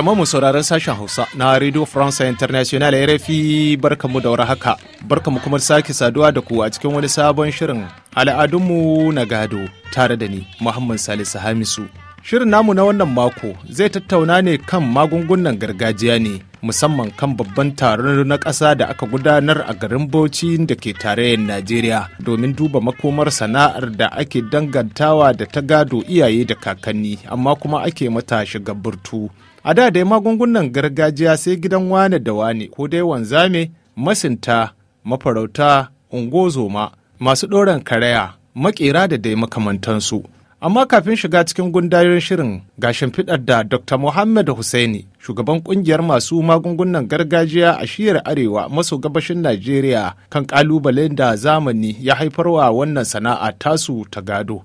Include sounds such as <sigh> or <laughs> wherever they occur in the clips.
jama'a mu sauraron sashen Hausa na Radio France International RFI barkamu da haka barkamu kuma sake saduwa da ku a cikin wani sabon shirin al'adunmu na gado tare da ni Muhammad Salisu Hamisu. Shirin namu na wannan mako zai tattauna ne kan magungunan gargajiya ne musamman kan babban taron na ƙasa da aka gudanar a garin Bauchi da ke tarayyar Najeriya domin duba makomar sana'ar da ake dangantawa da ta gado iyaye da kakanni amma kuma ake mata shiga burtu. A da dai magungunan gargajiya sai gidan wane da wane ko dai wanzame masinta mafarauta ungozoma masu ɗoran karaya makera da dai makamantansu. amma kafin shiga cikin gundarin shirin ga shimfiɗar da dr muhammad husaini shugaban kungiyar masu magungunan gargajiya a shiyar arewa maso gabashin najeriya kan kalubalen da zamani ya haifarwa wannan sana'a tasu ta gado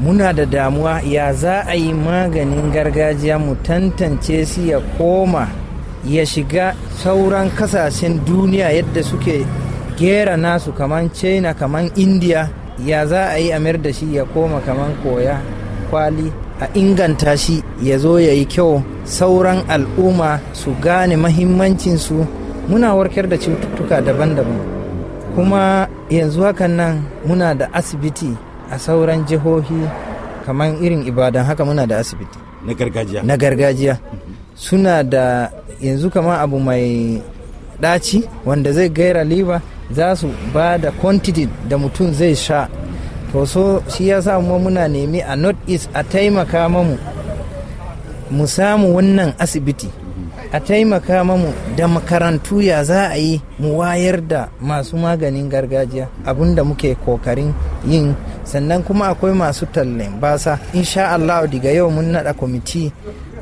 muna da damuwa ya za a yi maganin gargajiya mu tantance su ya koma ya shiga sauran kasashen duniya yadda suke gera nasu kaman china kaman india ya za a yi amir da shi ya koma kaman koya kwali a inganta shi ya zo ya yi kyau sauran al'umma su gane mahimmancinsu muna warkar da cututtuka daban-daban kuma yanzu hakan nan muna da asibiti a sauran jihohi kamar irin ibadan haka muna da asibiti na gargajiya na gargajiya suna da yanzu kama abu mai ɗaci wanda zai gaira liba za su ba da quantity da mutum zai sha to so shi ya sa muna nemi a north east a taimaka mamu mu samu wannan asibiti a taimaka mamu da makarantu ya za a yi mu wayar da masu maganin gargajiya abinda muke kokarin yin sannan kuma akwai masu tallen basa insha Allah daga yau mun nada kwamiti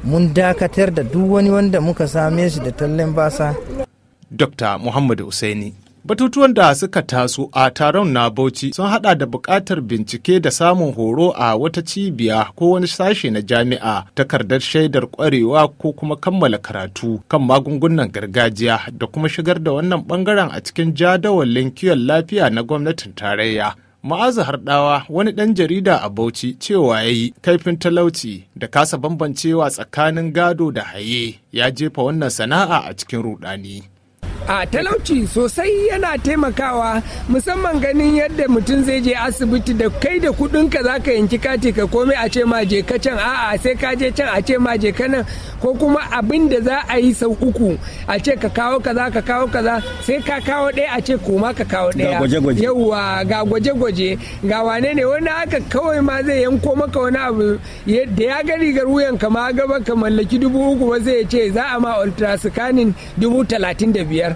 mun dakatar da duk wani wanda muka same shi da tallen basa Dr. Muhammadu Usaini Batutuwan da suka taso a taron na Bauchi sun hada da bukatar bincike da samun horo a wata cibiya ko wani sashe na jami'a, takardar shaidar ƙwarewa ko kuma kammala karatu kan magungunan gargajiya da kuma shigar da wannan bangaren a cikin jadawalin kiwon lafiya na gwamnatin tarayya. Ma'azu Harɗawa wani ɗan jarida a Bauchi cewa ya yi kaifin talauci da kasa bambancewa tsakanin gado da haye ya jefa wannan sana'a a cikin rudani. a talauci sosai yana taimakawa musamman ganin yadda mutum zai je asibiti da kai da kudin ka zaka yanki kati ka komai a ce ma je ka can a'a sai ka je can a ce ma je ka nan ko kuma abin da za a yi sau uku a ce ka kawo kaza ka kawo kaza sai ka kawo ɗaya a ce koma ka kawo ɗaya yauwa ga gwaje-gwaje ga wane ne wani haka kawai ma zai yanko maka wani abu da ya ga rigar wuyan ka ma gaba ka mallaki dubu uku ba zai ce za a ma ultra scanning dubu talatin da biyar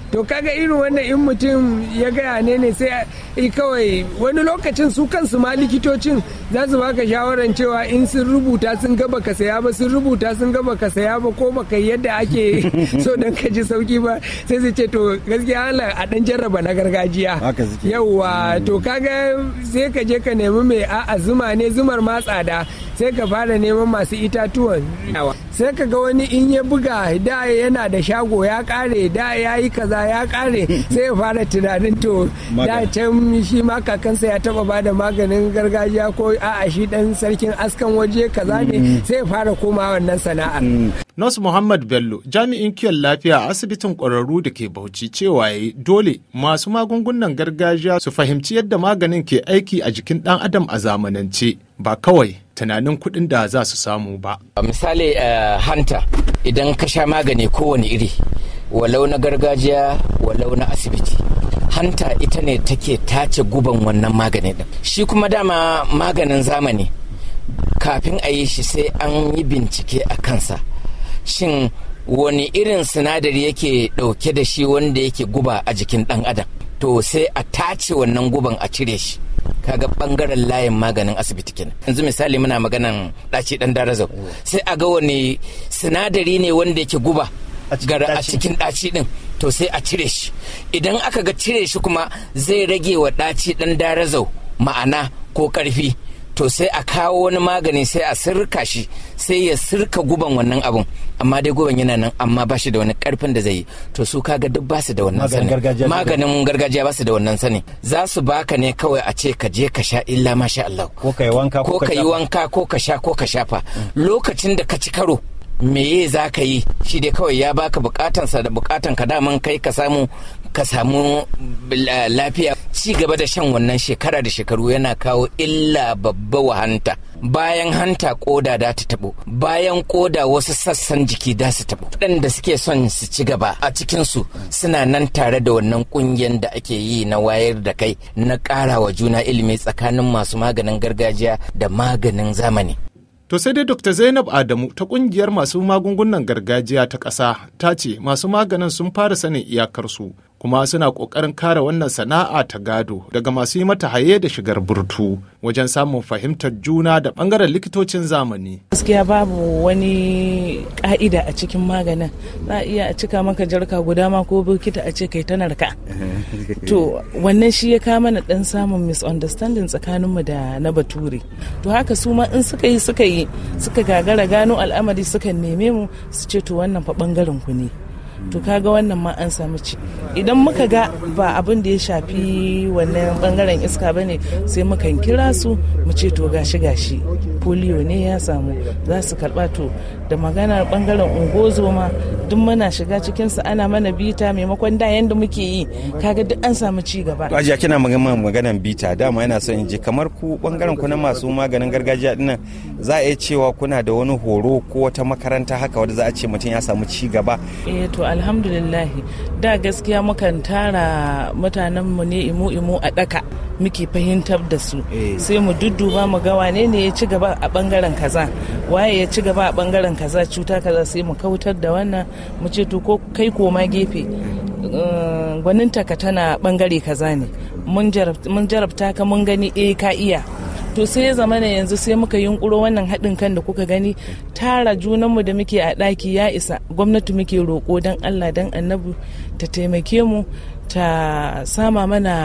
to kaga irin wannan in mutum ya gaya ne ne sai kawai wani lokacin su kansu ma likitocin za su baka shawaran cewa in sun rubuta sun gaba ka saya ba sun rubuta sun gaba ka saya ba ko baka yadda ake <laughs> so dan ka ji sauki ba sai su ce to gaskiya Allah a dan jarraba na gargajiya yauwa hmm. to kaga sai ka je ka nemi mai a'a zuma ne zumar ma tsada sai ka fara neman masu itatuwa. sai ka ga wani in ya buga da yana da shago ya kare da ya yi kaza ya kare sai ya fara tunanin to da can shi ma kakansa ya taba ba da maganin gargajiya ko a'a shi dan sarkin askan waje kaza ne mm. sai ya fara koma wannan sana'a. Mm. Nos Muhammad Bello jami'in kiyon lafiya a asibitin ƙwararru da ke Bauchi cewa yayi dole masu magungunan gargajiya su fahimci yadda maganin ke aiki a jikin ɗan adam a zamanance ba kawai tunanin kuɗin da za su samu ba. Misali eh, hanta idan ka sha magani kowane iri walau na gargajiya walau na asibiti hanta ita ne take tace guban wannan maganin din shi kuma dama maganin zamani kafin a yi shi sai an yi bincike a kansa shin wani irin sinadari yake ɗauke da shi wanda yake guba a jikin ɗan adam to sai a tace wannan guban a cire shi kaga bangaren layin maganin asibiti kenan yanzu misali muna maganan ɗaci ɗan darazau mm. sai a ga wani sinadari ne wanda yake guba a cikin ɗaci ɗin to sai a cire shi idan aka ga cire shi kuma zai rage wa ɗaci ɗan darazau ma'ana ko ƙarfi to sai a kawo wani magani sai a sirka shi sai ya sirka guban wannan abun amma dai guban yana nan amma ba shi da wani karfin da zai yi to su kaga duk ba su da wannan sani maganin gargajiya ba su da wannan sani za su baka ne kawai a ce ka je ka sha illa masha Allah ko ka yi wanka ko ka yi wanka ko ka sha ko ka shafa lokacin da ka ci karo meye za ka yi shi dai kawai ya baka bukatansa da bukatan ka daman kai ka samu ka samu lafiya ci gaba da shan wannan shekara da shekaru yana kawo illa babba wa hanta bayan hanta koda da ta tabo bayan koda wasu sassan jiki da su tabo waɗanda suke son su ci gaba a cikinsu suna nan tare da wannan ƙungiyar da ake yi na wayar da kai na ƙarawa juna ilimi tsakanin masu maganin gargajiya da maganin zamani To sai dai Dr. Zainab Adamu ta kungiyar masu magungunan gargajiya ta ƙasa ta ce masu maganin sun fara sanin iyakarsu kuma suna kokarin kare wannan sana'a ta gado daga masu yi mata haye da shigar burtu wajen samun fahimtar juna da bangaren likitocin zamani. Gaskiya babu wani ƙa'ida a cikin maganin za a iya cika maka jarka guda ma ko bukita a ce kai ta narka. <laughs> To wannan shi ya kama na ɗan samun misunderstanding tsakaninmu da na bature. To haka su ma in suka yi suka yi suka gagara gano al'amari suka neme mu su ce to wannan fa ɓangaren ku ne. to kaga wannan ma an samu ci idan muka ga ba abin da ya shafi wannan bangaren iska ba ne sai mukan kira su mu ce to gashi gashi polio ne ya samu za su karba to da maganar bangaren ungozoma duk muna shiga cikin su ana mana bita maimakon da yanda muke yi kaga duk an samu ci gaba to ajiya kina magana maganar bita dama yana son in ji kamar ku bangaren ku na masu maganin gargajiya dinnan za a iya cewa kuna da wani horo ko wata makaranta haka wanda za a ce mutum ya samu ci gaba eh to alhamdulillah da gaskiya mukan tara mutanen mu ne imu imu a daka muke fahimtar da su eh. sai mu dudduba mu ga wane ne ya ci gaba a bangaren kaza waye ya ci gaba a bangaren kaza cuta kaza sai mu kautar da wannan mu ce to ko kai koma gefe eh, gwanin ka tana bangare kaza ne mun jarabta ka mun gani eh ka iya to sai ya zama yanzu sai muka yunkuro wannan haɗin kan da kuka gani tara junanmu da muke a ɗaki ya isa gwamnati muke roƙo don allah don annabu ta taimake mu ta sama mana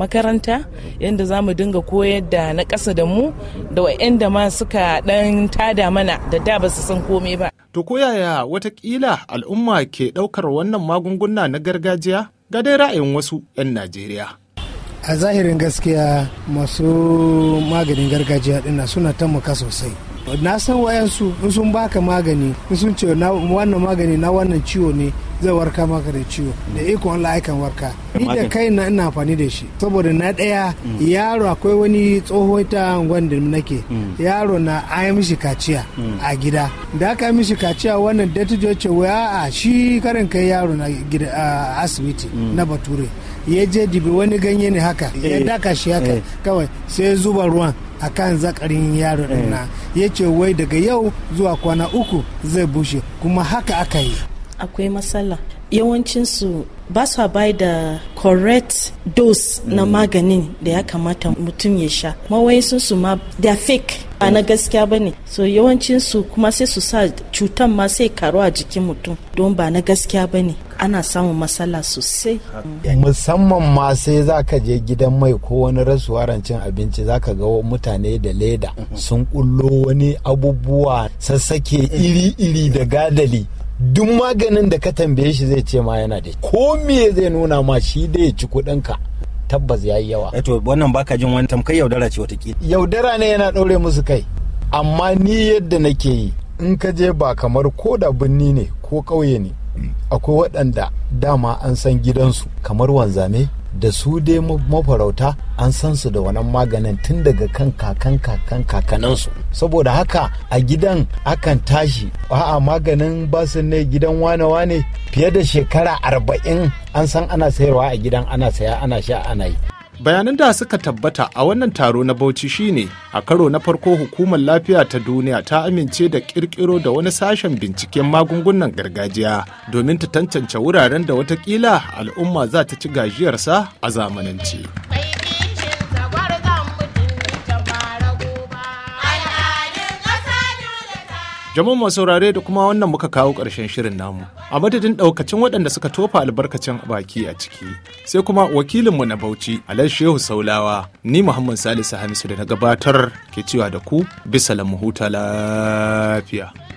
makaranta yadda za mu dinga koyar da na ƙasa da mu da wa'yanda ma suka ɗan tada mana da da ba su san komai ba. To ko yaya watakila al'umma ke ɗaukar wannan magunguna na gargajiya ga dai ra'ayin wasu 'yan Najeriya. A zahirin gaskiya masu maganin gargajiya ɗina suna taimaka sosai. na san wayansu in sun baka magani in sun ce wannan magani na wannan ciwo ne zai warka maka da ciwo da ikon Allah aikan warka ni da kai na ina amfani da shi saboda na daya mm. yaro akwai wani tsoho ta wanda nake mm. yaro na ayi mishi kaciya mm. a gida da aka mishi kaciya wannan dattijo ce a shi karin kai yaro na asibiti na bature ya je dibi wani ganye ne haka ya eh. daka shi haka eh. kawai sai zuba ruwan akan zakarin yaro din eh. yace wai daga yau zuwa kwana uku zai bushe kuma haka aka yi akwai matsala yawancinsu ba su bai da correct dose na mm. maganin da ya kamata mutum ya sha mawayin su ma da fake ba na mm. gaskiya bane. ne so yawancinsu kuma sai su sa cutan ma sai karo a jikin mutum don ba na gaskiya bane. ana samun matsala sosai musamman ma sai za ka je gidan mai ko wani rasuwa rancin abinci za ka ga mutane da leda sun kullo wani abubuwa sassake iri-iri da gadali duk maganin da ka tambaye shi zai ce ma yana da ko me zai nuna ma shi da ya ci kuɗinka tabbas ya yi yawa Eto eh wannan baka jin wani tamkar yaudara ce watakila yaudara ne yana ɗaure musu kai amma ni yadda nake yi in ka je ba kamar ko da birni ne ko ƙauye ne akwai waɗanda dama an san gidansu kamar wanzame da su dai mafarauta an san su da wannan maganin tun daga kan kakan kakan kakanansu saboda haka a gidan akan tashi a'a maganin basin ne gidan wane wane fiye da shekara arba'in an san ana sayarwa a gidan ana saya ana sha ana yi bayanan da suka tabbata a wannan taro na bauchi shine a karo na farko hukumar lafiya ta duniya ta amince da kirkiro da wani sashen binciken magungunan gargajiya domin ta tantance wuraren da watakila al'umma za ta ci gajiyarsa a zamanance. Jama'an masu saurare da kuma wannan muka kawo ƙarshen shirin namu. A madadin ɗaukacin waɗanda suka tofa albarkacin baki a ciki. Sai kuma wakilinmu na Bauchi, Alal Shehu Saulawa, ni Muhammad Salisu Hamisu da na gabatar ke cewa da ku bisa lamu huta lafiya.